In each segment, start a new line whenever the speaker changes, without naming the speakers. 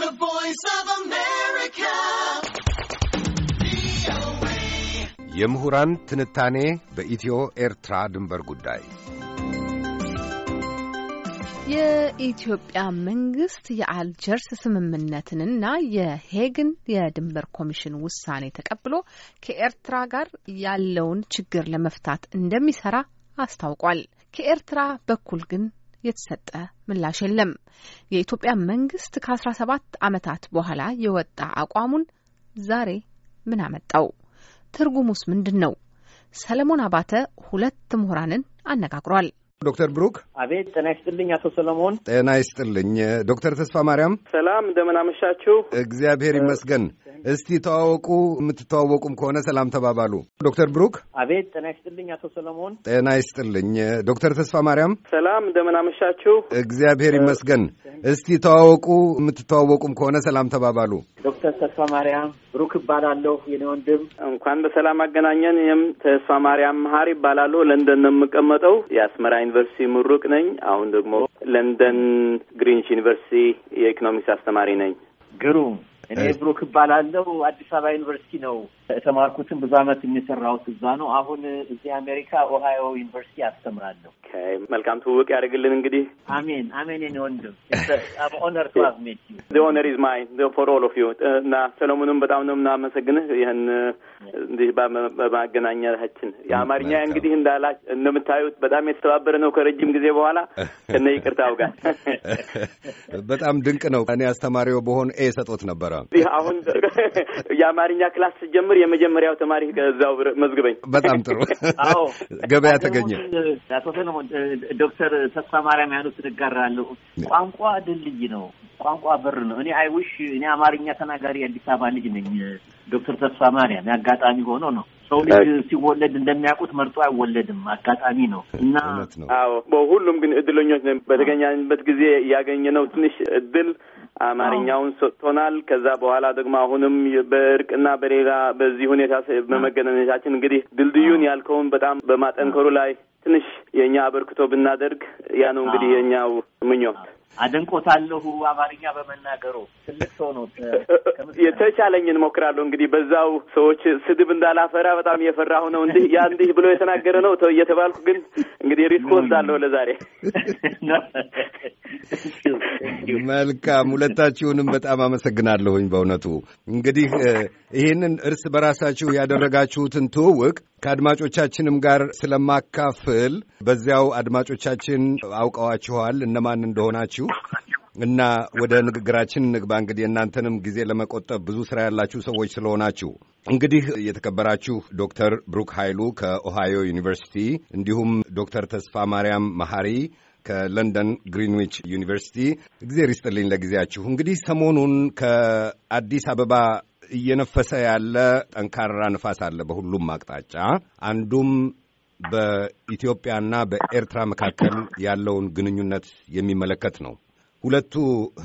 The Voice of America.
የምሁራን ትንታኔ በኢትዮ ኤርትራ ድንበር ጉዳይ
የኢትዮጵያ መንግስት የአልጀርስ ስምምነትንና የሄግን የድንበር ኮሚሽን ውሳኔ ተቀብሎ ከኤርትራ ጋር ያለውን ችግር ለመፍታት እንደሚሰራ አስታውቋል። ከኤርትራ በኩል ግን የተሰጠ ምላሽ የለም። የኢትዮጵያ መንግስት ከ17 ዓመታት በኋላ የወጣ አቋሙን ዛሬ ምን አመጣው? ትርጉሙስ ምንድን ነው? ሰለሞን አባተ ሁለት ምሁራንን አነጋግሯል።
ዶክተር ብሩክ አቤት።
ጤና ይስጥልኝ አቶ ሰለሞን።
ጤና ይስጥልኝ ዶክተር ተስፋ ማርያም። ሰላም እንደምን አመሻችሁ። እግዚአብሔር ይመስገን። እስቲ ተዋወቁ። የምትተዋወቁም ከሆነ ሰላም ተባባሉ። ዶክተር ብሩክ
አቤት። ጤና ይስጥልኝ አቶ ሰለሞን።
ጤና ይስጥልኝ ዶክተር ተስፋ ማርያም።
ሰላም እንደምን አመሻችሁ።
እግዚአብሔር ይመስገን። እስቲ ተዋወቁ። የምትተዋወቁም ከሆነ ሰላም ተባባሉ።
ዶክተር ተስፋ ማርያም ብሩክ እባላለሁ። የኔ ወንድም
እንኳን በሰላም አገናኘን። ይህም ተስፋ ማርያም መሀር ይባላለሁ። ለንደን ነው የምቀመጠው። የአስመራ ዩኒቨርሲቲ ምሩቅ ነኝ። አሁን ደግሞ ለንደን ግሪንች ዩኒቨርሲቲ የኢኮኖሚክስ አስተማሪ ነኝ።
ግሩም እኔ ብሩክ እባላለሁ። አዲስ አበባ ዩኒቨርሲቲ ነው የተማርኩትን። ብዙ አመት የሚሰራሁት እዛ ነው። አሁን እዚህ አሜሪካ ኦሃዮ ዩኒቨርሲቲ አስተምራለሁ።
መልካም ትውውቅ ያደርግልን። እንግዲህ
አሜን አሜን። ኔ ወንድም ኦነር ቱ ሀቭ ሜት
ዩ ዘ ኦነር ኢዝ ማይ ፎር ኦል ኦፍ ዩ እና ሰለሞኑን በጣም ነው የምናመሰግንህ ይህን እንዲህ በማገናኛችን የአማርኛ እንግዲህ እንዳላ እንደምታዩት በጣም የተተባበረ ነው ከረጅም ጊዜ በኋላ ከነ ይቅርታው ጋር
በጣም ድንቅ ነው። እኔ አስተማሪው በሆን ኤ ሰጦት ነበረ
አሁን የአማርኛ ክላስ ስጀምር የመጀመሪያው ተማሪ ከዛው
መዝግበኝ።
በጣም ጥሩ ገበያ ተገኘ።
አቶ ሰለሞን ዶክተር ተስፋ ማርያም ያሉትን እጋራለሁ። ቋንቋ ድልድይ ነው። ቋንቋ በር ነው። እኔ አይውሽ እኔ አማርኛ ተናጋሪ የአዲስ አበባ ልጅ ነኝ። ዶክተር ተስፋ ማርያም የአጋጣሚ ሆኖ ነው። ሰው ልጅ ሲወለድ እንደሚያውቁት መርጦ አይወለድም። አጋጣሚ ነው እና
አዎ፣ በሁሉም ግን እድለኞች ነን። በተገኛንበት ጊዜ ያገኘነው ትንሽ እድል አማርኛውን ሰጥቶናል። ከዛ በኋላ ደግሞ አሁንም በእርቅና በሌላ በዚህ ሁኔታ በመገናኘታችን እንግዲህ ድልድዩን ያልከውን በጣም በማጠንከሩ ላይ ትንሽ የእኛ አበርክቶ ብናደርግ ያ ነው እንግዲህ የእኛው ምኞት።
አደንቆታለሁ። አማርኛ በመናገሩ ትልቅ ሰው ነው።
የተቻለኝን ሞክራለሁ። እንግዲህ በዛው ሰዎች ስድብ እንዳላፈራ በጣም እየፈራሁ ነው። እንዲህ ያ እንዲህ ብሎ የተናገረ ነው እየተባልኩ ግን እንግዲህ ሪስክ ወስዳለሁ ለዛሬ
መልካም ሁለታችሁንም በጣም አመሰግናለሁኝ። በእውነቱ እንግዲህ ይህንን እርስ በራሳችሁ ያደረጋችሁትን ትውውቅ ከአድማጮቻችንም ጋር ስለማካፍል በዚያው አድማጮቻችን አውቀዋችኋል እነማን እንደሆናችሁ እና ወደ ንግግራችን ንግባ። እንግዲህ እናንተንም ጊዜ ለመቆጠብ ብዙ ስራ ያላችሁ ሰዎች ስለሆናችሁ እንግዲህ የተከበራችሁ ዶክተር ብሩክ ኃይሉ ከኦሃዮ ዩኒቨርሲቲ እንዲሁም ዶክተር ተስፋ ማርያም መሐሪ ከለንደን ግሪንዊች ዩኒቨርሲቲ። እግዜር ይስጥልኝ ለጊዜያችሁ። እንግዲህ ሰሞኑን ከአዲስ አበባ እየነፈሰ ያለ ጠንካራ ንፋስ አለ በሁሉም አቅጣጫ። አንዱም በኢትዮጵያና በኤርትራ መካከል ያለውን ግንኙነት የሚመለከት ነው። ሁለቱ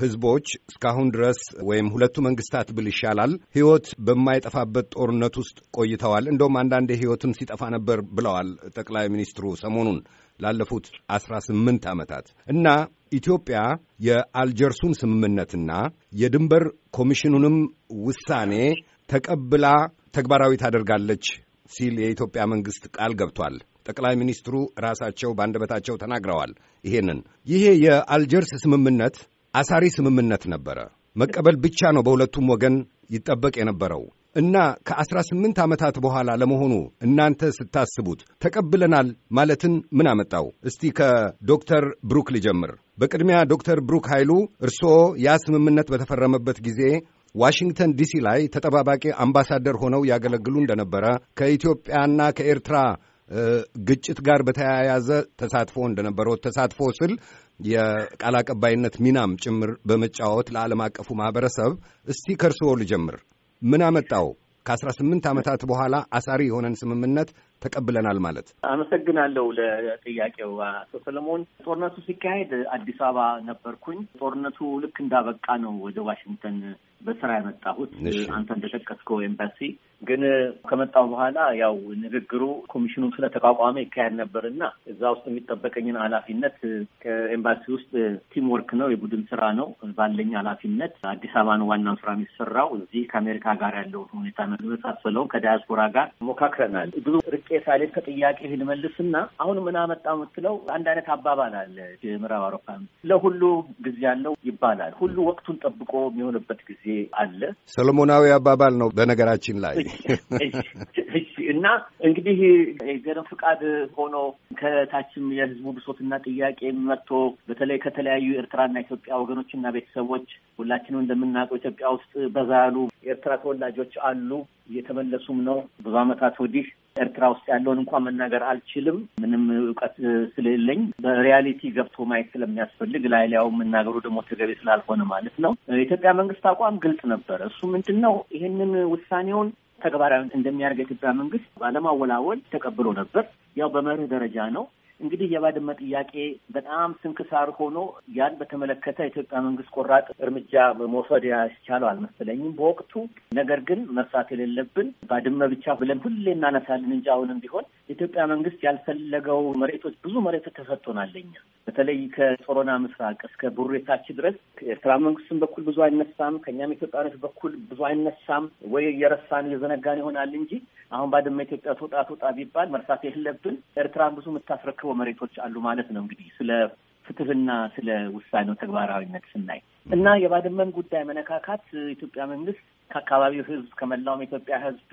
ህዝቦች እስካሁን ድረስ ወይም ሁለቱ መንግስታት ብል ይሻላል ህይወት በማይጠፋበት ጦርነት ውስጥ ቆይተዋል። እንደውም አንዳንዴ ህይወትም ሲጠፋ ነበር ብለዋል ጠቅላይ ሚኒስትሩ ሰሞኑን። ላለፉት አስራ ስምንት ዓመታት እና ኢትዮጵያ የአልጀርሱን ስምምነትና የድንበር ኮሚሽኑንም ውሳኔ ተቀብላ ተግባራዊ ታደርጋለች ሲል የኢትዮጵያ መንግሥት ቃል ገብቷል። ጠቅላይ ሚኒስትሩ ራሳቸው በአንደበታቸው ተናግረዋል። ይሄንን ይሄ የአልጀርስ ስምምነት አሳሪ ስምምነት ነበረ። መቀበል ብቻ ነው በሁለቱም ወገን ይጠበቅ የነበረው። እና ከ18 ዓመታት በኋላ ለመሆኑ እናንተ ስታስቡት ተቀብለናል ማለትን ምን አመጣው? እስቲ ከዶክተር ብሩክ ልጀምር። በቅድሚያ ዶክተር ብሩክ ኃይሉ እርስዎ ያ ስምምነት በተፈረመበት ጊዜ ዋሽንግተን ዲሲ ላይ ተጠባባቂ አምባሳደር ሆነው ያገለግሉ እንደነበረ ከኢትዮጵያና ከኤርትራ ግጭት ጋር በተያያዘ ተሳትፎ እንደነበረ ተሳትፎ ስል የቃል አቀባይነት ሚናም ጭምር በመጫወት ለዓለም አቀፉ ማህበረሰብ እስቲ ከእርስዎ ልጀምር። ምን አመጣው? ከአስራ ስምንት ዓመታት በኋላ አሳሪ የሆነን ስምምነት ተቀብለናል ማለት።
አመሰግናለሁ ለጥያቄው አቶ ሰለሞን። ጦርነቱ ሲካሄድ አዲስ አበባ ነበርኩኝ። ጦርነቱ ልክ እንዳበቃ ነው ወደ ዋሽንግተን በስራ የመጣሁት አንተ እንደጠቀስከው ኤምባሲ ግን ከመጣሁ በኋላ ያው ንግግሩ ኮሚሽኑ ስለተቋቋመ ይካሄድ ነበር እና እዛ ውስጥ የሚጠበቀኝን ኃላፊነት ከኤምባሲ ውስጥ ቲምወርክ ነው፣ የቡድን ስራ ነው። ባለኝ ኃላፊነት አዲስ አበባ ነው ዋናው ስራ የሚሰራው። እዚህ ከአሜሪካ ጋር ያለውን ሁኔታ መሳሰለውን ከዲያስፖራ ጋር ሞካክረናል። ብዙ ርቄ ሳሌት ከጥያቄ ልመልስና አሁን ምን አመጣ የምትለው አንድ አይነት አባባል አለ። ምዕራብ አውሮፓ ለሁሉ ጊዜ አለው ይባላል። ሁሉ ወቅቱን ጠብቆ የሚሆንበት ጊዜ አለ።
ሰሎሞናዊ አባባል ነው በነገራችን ላይ
እና እንግዲህ የገረም ፍቃድ ሆኖ ከታችም የህዝቡ ብሶትና ጥያቄ መጥቶ በተለይ ከተለያዩ ኤርትራና ኢትዮጵያ ወገኖችና ቤተሰቦች ሁላችንም እንደምናውቀው ኢትዮጵያ ውስጥ በዛ ያሉ የኤርትራ ተወላጆች አሉ። እየተመለሱም ነው። ብዙ ዓመታት ወዲህ ኤርትራ ውስጥ ያለውን እንኳን መናገር አልችልም፣ ምንም እውቀት ስለሌለኝ በሪያሊቲ ገብቶ ማየት ስለሚያስፈልግ ላይ ሊያው የምናገሩ ደግሞ ተገቢ ስላልሆነ ማለት ነው። የኢትዮጵያ መንግስት አቋም ግልጽ ነበረ። እሱ ምንድን ነው? ይህንን ውሳኔውን ተግባራዊ እንደሚያደርግ የኢትዮጵያ መንግስት ባለማወላወል ተቀብሎ ነበር። ያው በመርህ ደረጃ ነው። እንግዲህ የባድመ ጥያቄ በጣም ስንክሳር ሆኖ ያን በተመለከተ የኢትዮጵያ መንግስት ቆራጥ እርምጃ መውሰድ ያስቻለው አልመሰለኝም በወቅቱ። ነገር ግን መርሳት የሌለብን ባድመ ብቻ ብለን ሁሌ እናነሳለን እንጂ አሁንም ቢሆን የኢትዮጵያ መንግስት ያልፈለገው መሬቶች ብዙ መሬቶች ተሰጥቶናል በተለይ ከጾሮና ምስራቅ እስከ ቡሬታች ድረስ ከኤርትራ መንግስትም በኩል ብዙ አይነሳም፣ ከእኛም ኢትዮጵያኖች በኩል ብዙ አይነሳም። ወይ የረሳን የዘነጋን ይሆናል እንጂ አሁን ባድመ ኢትዮጵያ ትውጣ ትውጣ ቢባል መርሳት የሌለብን ኤርትራን ብዙ የምታስረክበ መሬቶች አሉ ማለት ነው እንግዲህ ስለ ፍትህና ስለ ውሳኔው ተግባራዊነት ስናይ እና የባድመን ጉዳይ መነካካት ኢትዮጵያ መንግስት ከአካባቢው ህዝብ ከመላውም ኢትዮጵያ ህዝብ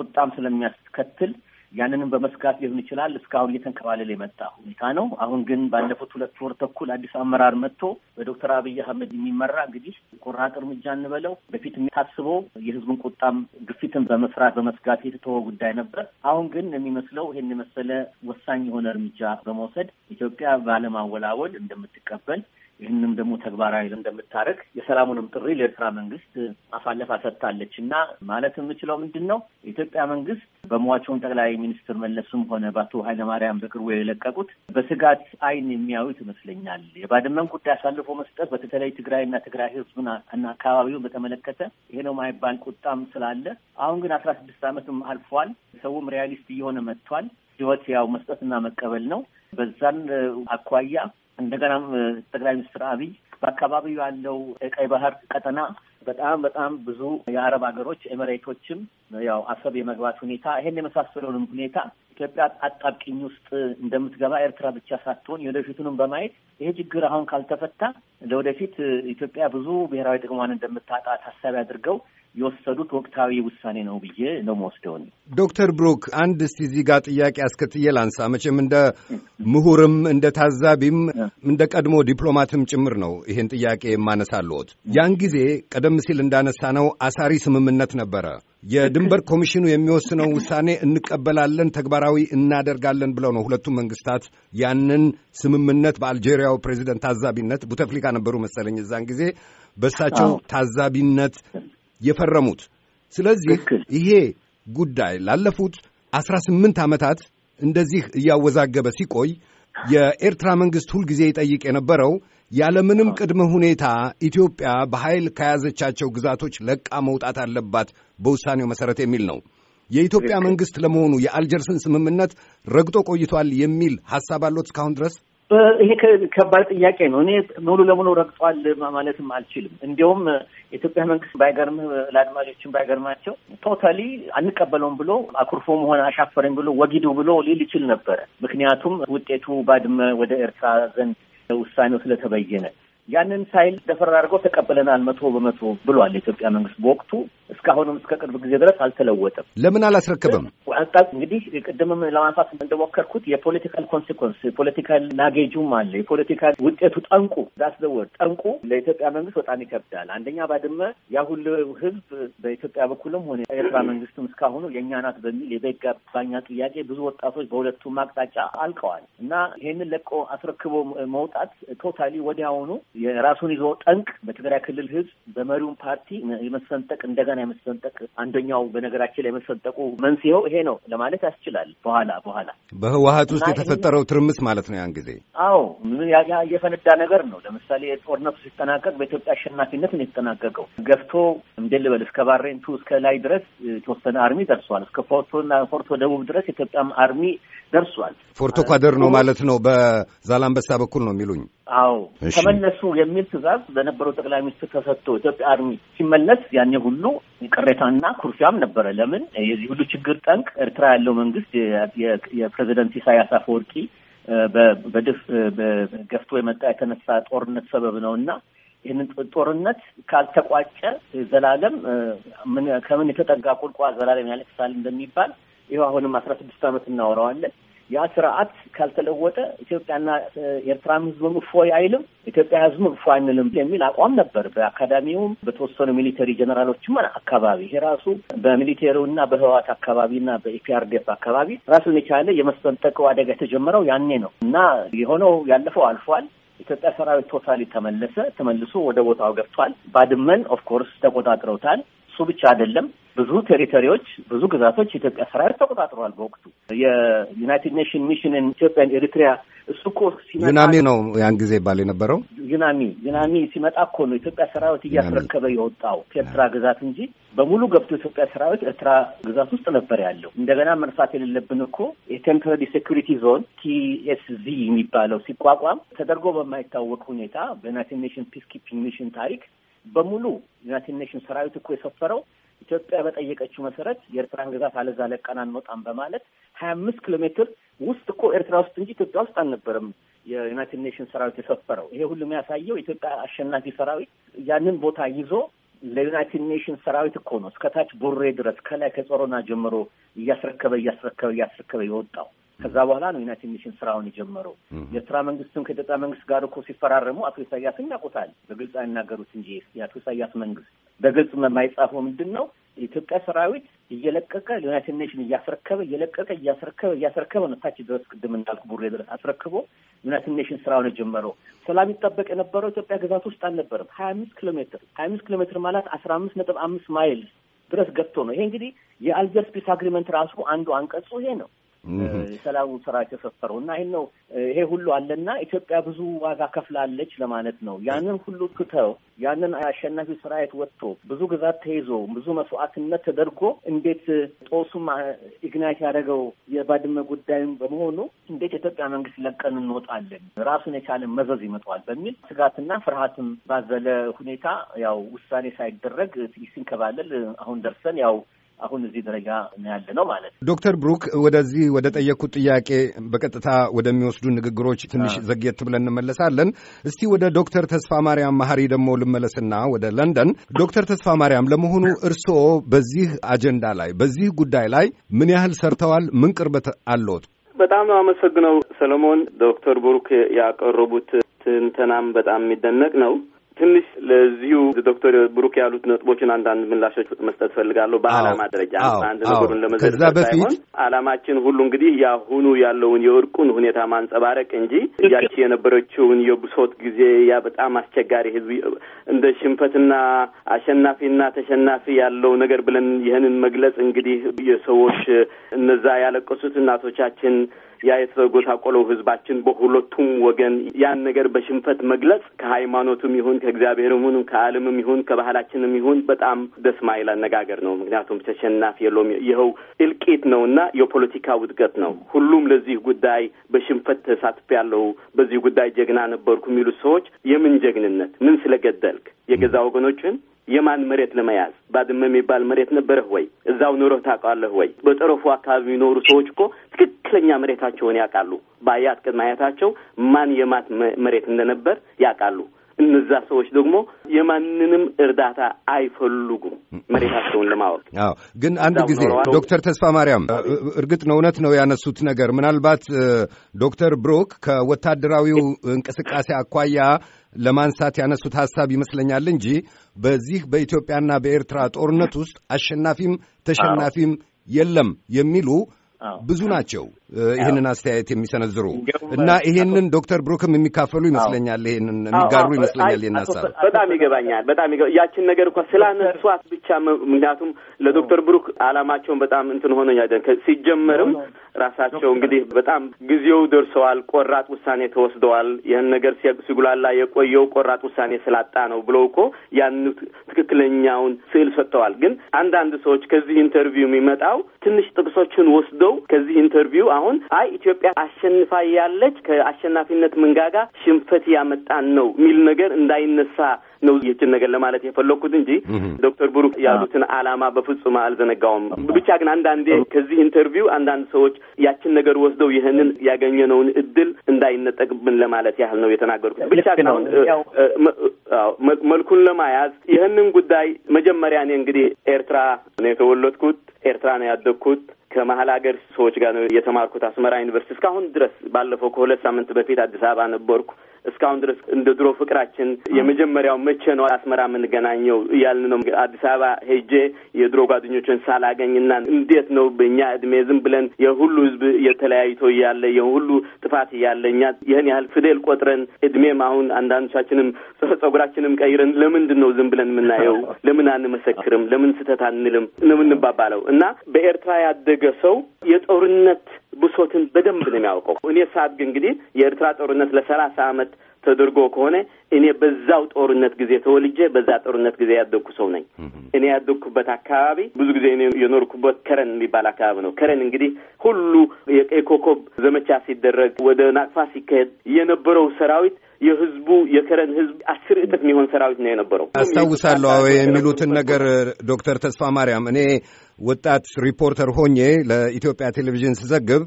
ቁጣም ስለሚያስከትል ያንንም በመስጋት ሊሆን ይችላል እስካሁን እየተንከባለለ የመጣ ሁኔታ ነው። አሁን ግን ባለፉት ሁለት ወር ተኩል አዲስ አመራር መጥቶ በዶክተር አብይ አህመድ የሚመራ እንግዲህ ቆራጥ እርምጃ እንበለው በፊት የሚታስበው የህዝቡን ቁጣም ግፊትን በመስራት በመስጋት የተተወ ጉዳይ ነበር። አሁን ግን የሚመስለው ይህን የመሰለ ወሳኝ የሆነ እርምጃ በመውሰድ ኢትዮጵያ ባለማወላወል እንደምትቀበል ይህንም ደግሞ ተግባራዊ እንደምታደርግ የሰላሙንም ጥሪ ለኤርትራ መንግስት አሳለፋ ሰጥታለች እና ማለት የምችለው ምንድን ነው የኢትዮጵያ መንግስት በሟቸውን ጠቅላይ ሚኒስትር መለሱም ሆነ በአቶ ኃይለማርያም በቅርቡ የለቀቁት በስጋት አይን የሚያዩት ይመስለኛል። የባድመን ጉዳይ አሳልፎ መስጠት በተለይ ትግራይና ትግራይ ህዝብና እና አካባቢውን በተመለከተ ይሄ ነው ማይባል ቁጣም ስላለ አሁን ግን አስራ ስድስት ዓመትም አልፏል። ሰውም ሪያሊስት እየሆነ መጥቷል። ህይወት ያው መስጠትና መቀበል ነው። በዛን አኳያ እንደገናም ጠቅላይ ሚኒስትር አብይ በአካባቢው ያለው የቀይ ባህር ቀጠና በጣም በጣም ብዙ የአረብ ሀገሮች ኤምሬቶችም ያው አሰብ የመግባት ሁኔታ ይሄን የመሳሰለውንም ሁኔታ ኢትዮጵያ አጣብቂኝ ውስጥ እንደምትገባ ኤርትራ ብቻ ሳትሆን የወደፊቱንም በማየት ይሄ ችግር አሁን ካልተፈታ ለወደፊት ኢትዮጵያ ብዙ ብሔራዊ ጥቅሟን እንደምታጣ ታሳቢ አድርገው የወሰዱት ወቅታዊ ውሳኔ ነው ብዬ ነው መወስደው።
ዶክተር ብሩክ አንድ እስቲ እዚህ ጋር ጥያቄ አስከትዬ ላንሳ። መቼም እንደ ምሁርም እንደ ታዛቢም እንደ ቀድሞ ዲፕሎማትም ጭምር ነው ይህን ጥያቄ የማነሳለሁት። ያን ጊዜ ቀደም ሲል እንዳነሳ ነው አሳሪ ስምምነት ነበረ። የድንበር ኮሚሽኑ የሚወስነው ውሳኔ እንቀበላለን፣ ተግባራዊ እናደርጋለን ብለው ነው ሁለቱም መንግስታት ያንን ስምምነት በአልጄሪያው ፕሬዚደንት ታዛቢነት ቡተፍሊካ ነበሩ መሰለኝ እዛን ጊዜ በእሳቸው ታዛቢነት የፈረሙት። ስለዚህ ይሄ ጉዳይ ላለፉት አስራ ስምንት ዓመታት እንደዚህ እያወዛገበ ሲቆይ የኤርትራ መንግሥት ሁልጊዜ ይጠይቅ የነበረው ያለምንም ቅድመ ሁኔታ ኢትዮጵያ በኃይል ከያዘቻቸው ግዛቶች ለቃ መውጣት አለባት በውሳኔው መሠረት የሚል ነው። የኢትዮጵያ መንግሥት ለመሆኑ የአልጀርስን ስምምነት ረግጦ ቆይቷል የሚል ሐሳብ አለው እስካሁን ድረስ?
ይሄ ከባድ ጥያቄ ነው። እኔ ሙሉ ለሙሉ ረግጧል ማለትም አልችልም። እንዲሁም የኢትዮጵያ መንግስት ባይገርም ለአድማጮችን ባይገርማቸው ቶታሊ አንቀበለውም ብሎ አኩርፎ መሆን አሻፈረኝ ብሎ ወጊዱ ብሎ ሊል ይችል ነበረ። ምክንያቱም ውጤቱ ባድመ ወደ ኤርትራ ዘንድ ውሳኔው ስለተበየነ ያንን ሳይል ተፈራርገው ተቀብለናል መቶ በመቶ ብሏል የኢትዮጵያ መንግስት በወቅቱ። እስካሁንም እስከ ቅርብ ጊዜ ድረስ አልተለወጠም።
ለምን አላስረከበም?
አንጻር እንግዲህ ቅድምም ለማንሳት እንደሞከርኩት የፖለቲካል ኮንሲኮንስ የፖለቲካል ናጌጁም አለ። የፖለቲካል ውጤቱ ጠንቁ ዛስዘወር ጠንቁ ለኢትዮጵያ መንግስት በጣም ይከብዳል። አንደኛ ባድመ ያ ሁሉ ህዝብ በኢትዮጵያ በኩልም ሆነ ኤርትራ መንግስትም እስካሁኑ የእኛ ናት በሚል የበይገባኛ ጥያቄ ብዙ ወጣቶች በሁለቱም አቅጣጫ አልቀዋል እና ይህንን ለቆ አስረክቦ መውጣት ቶታሊ ወዲያውኑ የራሱን ይዞ ጠንቅ በትግራይ ክልል ህዝብ በመሪውን ፓርቲ የመሰንጠቅ እንደገና የመሰንጠቅ አንደኛው በነገራችን ላይ የመሰንጠቁ መንስኤው ይሄ ነው ለማለት ያስችላል። በኋላ በኋላ
በህወሀት ውስጥ የተፈጠረው ትርምስ ማለት ነው ያን ጊዜ።
አዎ የፈነዳ ነገር ነው። ለምሳሌ የጦርነቱ ሲጠናቀቅ በኢትዮጵያ አሸናፊነት ነው የተጠናቀቀው። ገፍቶ እንደልበል እስከ ባሬንቱ እስከ ላይ ድረስ የተወሰነ አርሚ ደርሷል። እስከ ፎርቶና ፎርቶ ደቡብ ድረስ የኢትዮጵያም አርሚ ደርሷል።
ፎርቶ ኳደር ነው ማለት ነው። በዛላንበሳ በኩል ነው የሚሉኝ።
አዎ ተመለሱ የሚል ትዕዛዝ በነበረው ጠቅላይ ሚኒስትር ተሰጥቶ ኢትዮጵያ አርሚ ሲመለስ ያኔ ሁሉ ቅሬታና ኩርፊያም ነበረ። ለምን የዚህ ሁሉ ችግር ጠንቅ ኤርትራ ያለው መንግስት የፕሬዚደንት ኢሳያስ አፈወርቂ በድፍ ገፍቶ የመጣ የተነሳ ጦርነት ሰበብ ነው እና ይህንን ጦርነት ካልተቋጨ ዘላለም ከምን የተጠጋ ቁልቋ ዘላለም ያለቅሳል እንደሚባል ይኸው አሁንም አስራ ስድስት ዓመት እናወራዋለን። ያ ስርዓት ካልተለወጠ ኢትዮጵያና ኤርትራም ህዝብም እፎይ አይልም፣ ኢትዮጵያ ህዝብም እፎይ አንልም የሚል አቋም ነበር በአካዳሚውም በተወሰኑ ሚሊተሪ ጀነራሎችም አካባቢ። ይሄ ራሱ በሚሊቴሩና በህወሓት አካባቢና በኢፒአርዴፍ አካባቢ ራሱን የቻለ የመሰንጠቀው አደጋ የተጀመረው ያኔ ነው እና የሆነው ያለፈው አልፏል። ኢትዮጵያ ሰራዊት ቶታሊ ተመለሰ፣ ተመልሶ ወደ ቦታው ገብቷል። ባድመን ኦፍኮርስ ተቆጣጥረውታል። እሱ ብቻ አይደለም። ብዙ ቴሪቶሪዎች፣ ብዙ ግዛቶች የኢትዮጵያ ሰራዊት ተቆጣጥሯል። በወቅቱ የዩናይትድ ኔሽን ሚሽንን ኢትዮጵያን ኤሪትሪያ እሱ እኮ ሲመጣ ዩናሚ
ነው ያን ጊዜ ይባል የነበረው
ዩናሚ ዩናሚ ሲመጣ እኮ ነው ኢትዮጵያ ሰራዊት እያስረከበ የወጣው ከኤርትራ ግዛት እንጂ በሙሉ ገብቶ ኢትዮጵያ ሰራዊት ኤርትራ ግዛት ውስጥ ነበር ያለው። እንደገና መርሳት የሌለብን እኮ የቴምፖራሪ ሴኩሪቲ ዞን ቲኤስዚ የሚባለው ሲቋቋም ተደርጎ በማይታወቅ ሁኔታ በዩናይትድ ኔሽን ፒስ ሚሽን ታሪክ በሙሉ ዩናይትድ ኔሽን ሰራዊት እኮ የሰፈረው ኢትዮጵያ በጠየቀችው መሰረት የኤርትራን ግዛት አለዛ ለቀን አንወጣም በማለት ሀያ አምስት ኪሎ ሜትር ውስጥ እኮ ኤርትራ ውስጥ እንጂ ኢትዮጵያ ውስጥ አልነበረም የዩናይትድ ኔሽን ሰራዊት የሰፈረው። ይሄ ሁሉ የሚያሳየው የኢትዮጵያ አሸናፊ ሰራዊት ያንን ቦታ ይዞ ለዩናይትድ ኔሽን ሰራዊት እኮ ነው እስከታች ቦሬ ድረስ ከላይ ከጾሮና ጀምሮ እያስረከበ እያስረከበ እያስረከበ የወጣው ከዛ በኋላ ነው ዩናይትድ ኔሽን ስራውን የጀመረው። የኤርትራ መንግስትም ከኢትዮጵያ መንግስት ጋር እኮ ሲፈራረሙ አቶ ኢሳያስን ያውቁታል። በግልጽ አይናገሩት እንጂ የአቶ ኢሳያስ መንግስት በግልጽ የማይጻፈው ምንድን ነው? የኢትዮጵያ ሰራዊት እየለቀቀ ዩናይትድ ኔሽን እያስረከበ እየለቀቀ እያስረከበ እያስረከበ ነው ታች ድረስ ቅድም እንዳልኩ ቡሬ ድረስ አስረክቦ ዩናይትድ ኔሽን ስራውን የጀመረው። ሰላም ይጠበቅ የነበረው ኢትዮጵያ ግዛት ውስጥ አልነበረም። ሀያ አምስት ኪሎ ሜትር ሀያ አምስት ኪሎ ሜትር ማለት አስራ አምስት ነጥብ አምስት ማይል ድረስ ገብቶ ነው። ይሄ እንግዲህ የአልጀርስ ፒስ አግሪመንት ራሱ አንዱ አንቀጹ ይሄ ነው። የሰላሙ ስራ የሰፈረው እና ይህን ነው ይሄ ሁሉ አለና ኢትዮጵያ ብዙ ዋጋ ከፍላለች ለማለት ነው። ያንን ሁሉ ትተው ያንን አሸናፊ ስራየት ወጥቶ ብዙ ግዛት ተይዞ ብዙ መስዋዕትነት ተደርጎ እንዴት ጦሱም ኢግናይት ያደረገው የባድመ ጉዳይም በመሆኑ እንዴት የኢትዮጵያ መንግስት ለቀን እንወጣለን ራሱን የቻለ መዘዝ ይመጣዋል በሚል ስጋትና ፍርሃትም ባዘለ ሁኔታ ያው ውሳኔ ሳይደረግ ሲንከባለል አሁን ደርሰን ያው አሁን እዚህ ደረጃ ያለ ነው ማለት
ነው። ዶክተር ብሩክ ወደዚህ ወደ ጠየቅኩት ጥያቄ በቀጥታ ወደሚወስዱ ንግግሮች ትንሽ ዘግየት ብለን እንመለሳለን። እስቲ ወደ ዶክተር ተስፋ ማርያም መሀሪ ደግሞ ልመለስና ወደ ለንደን ዶክተር ተስፋ ማርያም ለመሆኑ እርስዎ በዚህ አጀንዳ ላይ በዚህ ጉዳይ ላይ ምን ያህል ሰርተዋል? ምን ቅርበት አለዎት?
በጣም አመሰግነው ሰለሞን። ዶክተር ብሩክ ያቀረቡት ትንተናም በጣም የሚደነቅ ነው። ትንሽ ለዚሁ ዶክተር ብሩክ ያሉት ነጥቦችን አንዳንድ ምላሾች መስጠት ፈልጋለሁ በአላማ ደረጃ አንድ ነገሩን ለመዘርዘር ሳይሆን አላማችን ሁሉ እንግዲህ ያሁኑ ያለውን የእርቁን ሁኔታ ማንጸባረቅ እንጂ እያች የነበረችውን የብሶት ጊዜ ያ በጣም አስቸጋሪ ህዝብ እንደ ሽንፈትና አሸናፊና ተሸናፊ ያለው ነገር ብለን ይህንን መግለጽ እንግዲህ የሰዎች እነዛ ያለቀሱት እናቶቻችን ያ የተጎሳቆለው ህዝባችን በሁለቱም ወገን ያን ነገር በሽንፈት መግለጽ ከሃይማኖቱም ይሁን ከእግዚአብሔርም ይሁን ከዓለምም ይሁን ከባህላችንም ይሁን በጣም ደስ ማይል አነጋገር ነው። ምክንያቱም ተሸናፊ የለውም። ይኸው እልቂት ነው እና የፖለቲካ ውድቀት ነው። ሁሉም ለዚህ ጉዳይ በሽንፈት ተሳትፍ ያለው በዚህ ጉዳይ ጀግና ነበርኩ የሚሉት ሰዎች የምን ጀግንነት ምን ስለገደልክ የገዛ ወገኖችን የማን መሬት ለመያዝ ባድመ የሚባል መሬት ነበረህ ወይ? እዛው ኑሮህ ታውቃለህ ወይ? በጠረፉ አካባቢ የሚኖሩ ሰዎች እኮ ትክክለኛ መሬታቸውን ያውቃሉ። በአያት ቅድመ አያታቸው ማን የማት መሬት እንደነበር ያውቃሉ። እነዛ ሰዎች ደግሞ የማንንም እርዳታ
አይፈልጉም መሬታቸውን ለማወቅ። አዎ፣ ግን አንድ ጊዜ ዶክተር ተስፋ ማርያም እርግጥ ነው እውነት ነው ያነሱት ነገር ምናልባት ዶክተር ብሮክ ከወታደራዊው እንቅስቃሴ አኳያ ለማንሳት ያነሱት ሐሳብ ይመስለኛል እንጂ በዚህ በኢትዮጵያና በኤርትራ ጦርነት ውስጥ አሸናፊም ተሸናፊም የለም የሚሉ ብዙ ናቸው። ይህንን አስተያየት የሚሰነዝሩ እና ይህንን ዶክተር ብሩክም የሚካፈሉ ይመስለኛል፣ ይህንን የሚጋሩ ይመስለኛል። ይህን ሀሳብ
በጣም ይገባኛል። በጣም ያችን ነገር እኳ ስላነሷት ብቻ ምክንያቱም ለዶክተር ብሩክ አላማቸውን በጣም እንትን ሆነኛ ሲጀመርም ራሳቸው እንግዲህ በጣም ጊዜው ደርሰዋል፣ ቆራጥ ውሳኔ ተወስደዋል። ይህን ነገር ሲጉላላ የቆየው ቆራጥ ውሳኔ ስላጣ ነው ብለው እኮ ያን ትክክለኛውን ስዕል ሰጥተዋል። ግን አንዳንድ ሰዎች ከዚህ ኢንተርቪው የሚመጣው ትንሽ ጥቅሶችን ወስደው ከዚህ ኢንተርቪው አሁን አይ ኢትዮጵያ አሸንፋ ያለች ከአሸናፊነት መንጋጋ ሽንፈት ያመጣን ነው የሚል ነገር እንዳይነሳ ነው ይችን ነገር ለማለት የፈለግኩት እንጂ ዶክተር ብሩክ ያሉትን አላማ በፍጹም አልዘነጋውም። ብቻ ግን አንዳንዴ ከዚህ ኢንተርቪው አንዳንድ ሰዎች ያችን ነገር ወስደው ይህንን ያገኘነውን እድል እንዳይነጠቅብን ለማለት ያህል ነው የተናገርኩት። ብቻ ግን አሁን መልኩን ለማያዝ ይህንን ጉዳይ መጀመሪያ እኔ እንግዲህ ኤርትራ ነው የተወለድኩት፣ ኤርትራ ነው ያደግኩት። ከመሀል ሀገር ሰዎች ጋር ነው የተማርኩት አስመራ ዩኒቨርሲቲ እስካሁን ድረስ። ባለፈው ከሁለት ሳምንት በፊት አዲስ አበባ ነበርኩ። እስካሁን ድረስ እንደ ድሮ ፍቅራችን የመጀመሪያው መቼ ነው አስመራ የምንገናኘው እያልን ነው። አዲስ አበባ ሄጄ የድሮ ጓደኞችን ሳላገኝና እንዴት ነው በእኛ እድሜ ዝም ብለን የሁሉ ህዝብ የተለያይቶ እያለ የሁሉ ጥፋት እያለ እኛ ይህን ያህል ፊደል ቆጥረን እድሜም አሁን አንዳንዶቻችንም ጸጉራችንም ቀይረን ለምንድን ነው ዝም ብለን የምናየው? ለምን አንመሰክርም? ለምን ስህተት አንልም? ነው የምንባባለው እና በኤርትራ ያደገ ሰው የጦርነት ብሶትን በደንብ ነው የሚያውቀው። እኔ ግን እንግዲህ የኤርትራ ጦርነት ለሰላሳ ዓመት ተደርጎ ከሆነ እኔ በዛው ጦርነት ጊዜ ተወልጄ በዛ ጦርነት ጊዜ ያደግኩ ሰው ነኝ። እኔ ያደግኩበት አካባቢ ብዙ ጊዜ እኔ የኖርኩበት ከረን የሚባል አካባቢ ነው። ከረን እንግዲህ ሁሉ የቀይ ኮከብ ዘመቻ ሲደረግ ወደ ናቅፋ ሲካሄድ የነበረው ሰራዊት የህዝቡ የከረን ህዝብ አስር እጥፍ የሚሆን ሰራዊት ነው የነበረው።
አስታውሳለሁ የሚሉትን ነገር ዶክተር ተስፋ ማርያም እኔ ወጣት ሪፖርተር ሆኜ ለኢትዮጵያ ቴሌቪዥን ስዘግብ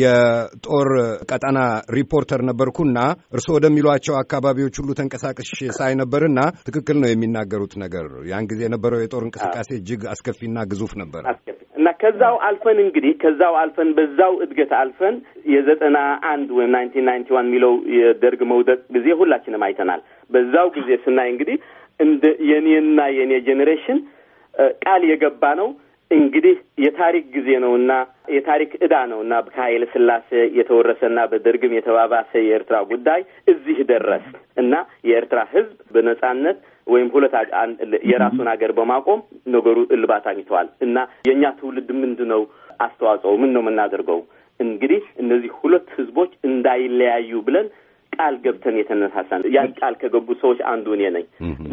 የጦር ቀጠና ሪፖርተር ነበርኩና እርስዎ ወደሚሏቸው አካባቢዎች ሁሉ ተንቀሳቀሽ ሳይ ነበርና ትክክል ነው የሚናገሩት ነገር። ያን ጊዜ የነበረው የጦር እንቅስቃሴ እጅግ አስከፊና ግዙፍ ነበር
እና ከዛው አልፈን እንግዲህ ከዛው አልፈን በዛው እድገት አልፈን የዘጠና አንድ ወይም ናይንቲን ናይንቲ ዋን የሚለው የደርግ መውደቅ ጊዜ ሁላችንም አይተናል። በዛው ጊዜ ስናይ እንግዲህ እንደ የኔና የኔ ጄኔሬሽን ቃል የገባ ነው እንግዲህ የታሪክ ጊዜ ነውና የታሪክ እዳ ነውና ከኃይለ ሥላሴ የተወረሰና በደርግም የተባባሰ የኤርትራ ጉዳይ እዚህ ደረስ እና የኤርትራ ሕዝብ በነጻነት ወይም ሁለት የራሱን ሀገር በማቆም ነገሩ እልባት አግኝተዋል እና የእኛ ትውልድ ምንድን ነው አስተዋጽኦ ምን ነው የምናደርገው? እንግዲህ እነዚህ ሁለት ሕዝቦች እንዳይለያዩ ብለን ቃል ገብተን የተነሳሳን ያን ቃል ከገቡ ሰዎች አንዱ እኔ ነኝ።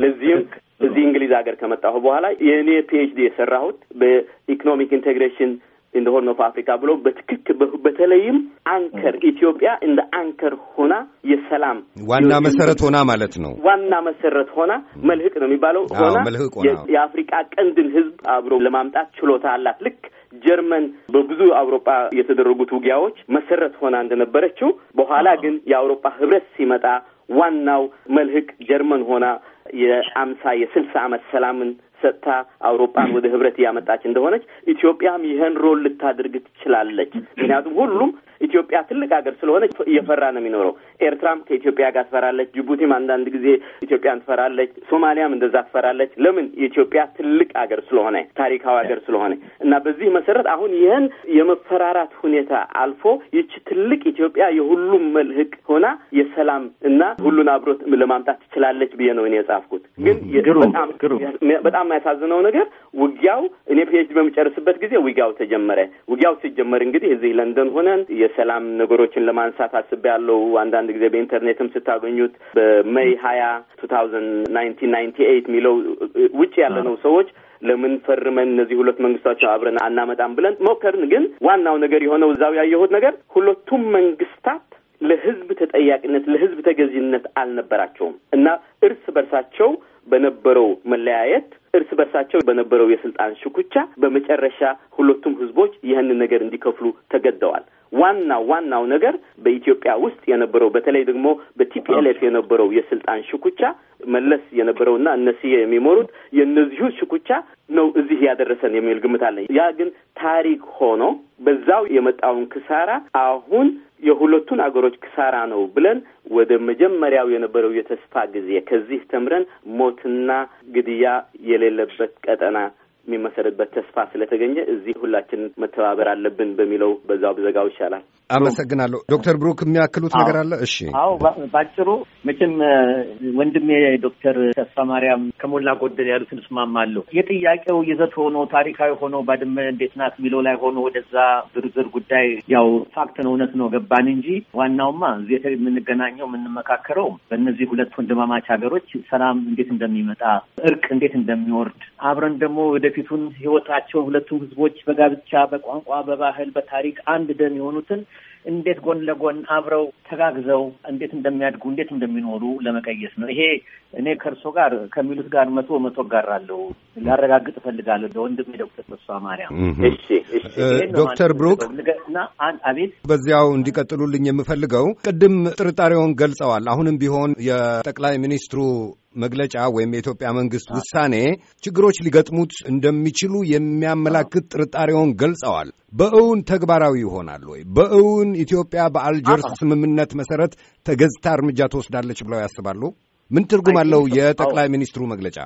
ለዚህም እዚህ እንግሊዝ ሀገር ከመጣሁ በኋላ የእኔ ፒኤችዲ የሰራሁት በኢኮኖሚክ ኢንቴግሬሽን ኢን ሆርን ኦፍ አፍሪካ ብሎ በትክክል በተለይም አንከር ኢትዮጵያ እንደ አንከር ሆና የሰላም
ዋና መሰረት ሆና ማለት ነው።
ዋና መሰረት ሆና መልህቅ ነው የሚባለው ሆና የአፍሪቃ ቀንድን ህዝብ አብሮ ለማምጣት ችሎታ አላት። ልክ ጀርመን በብዙ አውሮፓ የተደረጉት ውጊያዎች መሰረት ሆና እንደነበረችው በኋላ ግን የአውሮፓ ህብረት ሲመጣ ዋናው መልህቅ ጀርመን ሆና የአምሳ የስልሳ ዓመት ሰላምን ሰጥታ አውሮፓን ወደ ህብረት እያመጣች እንደሆነች ኢትዮጵያም ይህን ሮል ልታደርግ ትችላለች። ምክንያቱም ሁሉም ኢትዮጵያ ትልቅ ሀገር ስለሆነ እየፈራ ነው የሚኖረው። ኤርትራም ከኢትዮጵያ ጋር ትፈራለች። ጅቡቲም አንዳንድ ጊዜ ኢትዮጵያን ትፈራለች። ሶማሊያም እንደዛ ትፈራለች። ለምን? የኢትዮጵያ ትልቅ ሀገር ስለሆነ ታሪካዊ ሀገር ስለሆነ እና በዚህ መሰረት አሁን ይህን የመፈራራት ሁኔታ አልፎ ይች ትልቅ ኢትዮጵያ የሁሉም መልህቅ ሆና የሰላም እና ሁሉን አብሮት ለማምጣት ትችላለች ብዬ ነው እኔ የጻፍኩት። ግን በጣም የሚያሳዝነው ነገር ውጊያው እኔ ፒኤችዲ በሚጨርስበት ጊዜ ውጊያው ተጀመረ። ውጊያው ሲጀመር እንግዲህ እዚህ ለንደን ሆነን የሰላም ነገሮችን ለማንሳት አስቤ ያለው አንዳንድ ጊዜ በኢንተርኔትም ስታገኙት በሜይ ሀያ ቱ ታውዘንድ ናይንቲን ናይንቲ ኤይት የሚለው ውጭ ያለ ነው ሰዎች ለምን ፈርመን እነዚህ ሁለት መንግስታቸው አብረን አናመጣም ብለን ሞከርን። ግን ዋናው ነገር የሆነው እዛው ያየሁት ነገር ሁለቱም መንግስታት ለህዝብ ተጠያቂነት፣ ለህዝብ ተገዥነት አልነበራቸውም እና እርስ በርሳቸው በነበረው መለያየት እርስ በርሳቸው በነበረው የስልጣን ሽኩቻ በመጨረሻ ሁለቱም ህዝቦች ይህንን ነገር እንዲከፍሉ ተገደዋል። ዋናው ዋናው ነገር በኢትዮጵያ ውስጥ የነበረው በተለይ ደግሞ በቲፒኤልኤፍ የነበረው የስልጣን ሽኩቻ መለስ የነበረውና እነሱ የሚመሩት የእነዚሁ ሽኩቻ ነው እዚህ ያደረሰን የሚል ግምት አለኝ። ያ ግን ታሪክ ሆኖ በዛው የመጣውን ክሳራ አሁን የሁለቱን አገሮች ክሳራ ነው ብለን ወደ መጀመሪያው የነበረው የተስፋ ጊዜ ከዚህ ተምረን ሞትና ግድያ የሌለበት ቀጠና የሚመሰረትበት ተስፋ ስለተገኘ እዚህ ሁላችን መተባበር አለብን
በሚለው በዛው ብዘጋው ይሻላል።
አመሰግናለሁ። ዶክተር ብሩክ የሚያክሉት ነገር አለ? እሺ፣
አዎ፣ ባጭሩ መቼም ወንድሜ ዶክተር ተስፋ ማርያም ከሞላ ጎደል ያሉትን እስማማለሁ። የጥያቄው ይዘት ሆኖ ታሪካዊ ሆኖ ባድመ እንዴት ናት የሚለው ላይ ሆኖ ወደዛ ዝርዝር ጉዳይ ያው ፋክት ነው እውነት ነው ገባን እንጂ ዋናውማ እዚህ የምንገናኘው የምንመካከረው በእነዚህ ሁለት ወንድማማች ሀገሮች ሰላም እንዴት እንደሚመጣ እርቅ እንዴት እንደሚወርድ አብረን ደግሞ ወደ የወደፊቱን ህይወታቸውን ሁለቱም ህዝቦች በጋብቻ በቋንቋ፣ በባህል፣ በታሪክ አንድ ደም የሆኑትን እንዴት ጎን ለጎን አብረው ተጋግዘው እንዴት እንደሚያድጉ እንዴት እንደሚኖሩ ለመቀየስ ነው። ይሄ እኔ ከእርሶ ጋር ከሚሉት ጋር መቶ መቶ ጋር ላረጋግጥ እፈልጋለሁ። ለወንድም ዶክተር ተስፋ ማርያም። እሺ ዶክተር ብሩክ አቤት፣
በዚያው እንዲቀጥሉልኝ የምፈልገው ቅድም ጥርጣሬውን ገልጸዋል። አሁንም ቢሆን የጠቅላይ ሚኒስትሩ መግለጫ ወይም የኢትዮጵያ መንግስት ውሳኔ ችግሮች ሊገጥሙት እንደሚችሉ የሚያመላክት ጥርጣሬውን ገልጸዋል። በእውን ተግባራዊ ይሆናል ወይ? በእውን ኢትዮጵያ በአልጀርስ ስምምነት መሰረት ተገዝታ እርምጃ ትወስዳለች ብለው ያስባሉ? ምን ትርጉም አለው የጠቅላይ ሚኒስትሩ መግለጫ?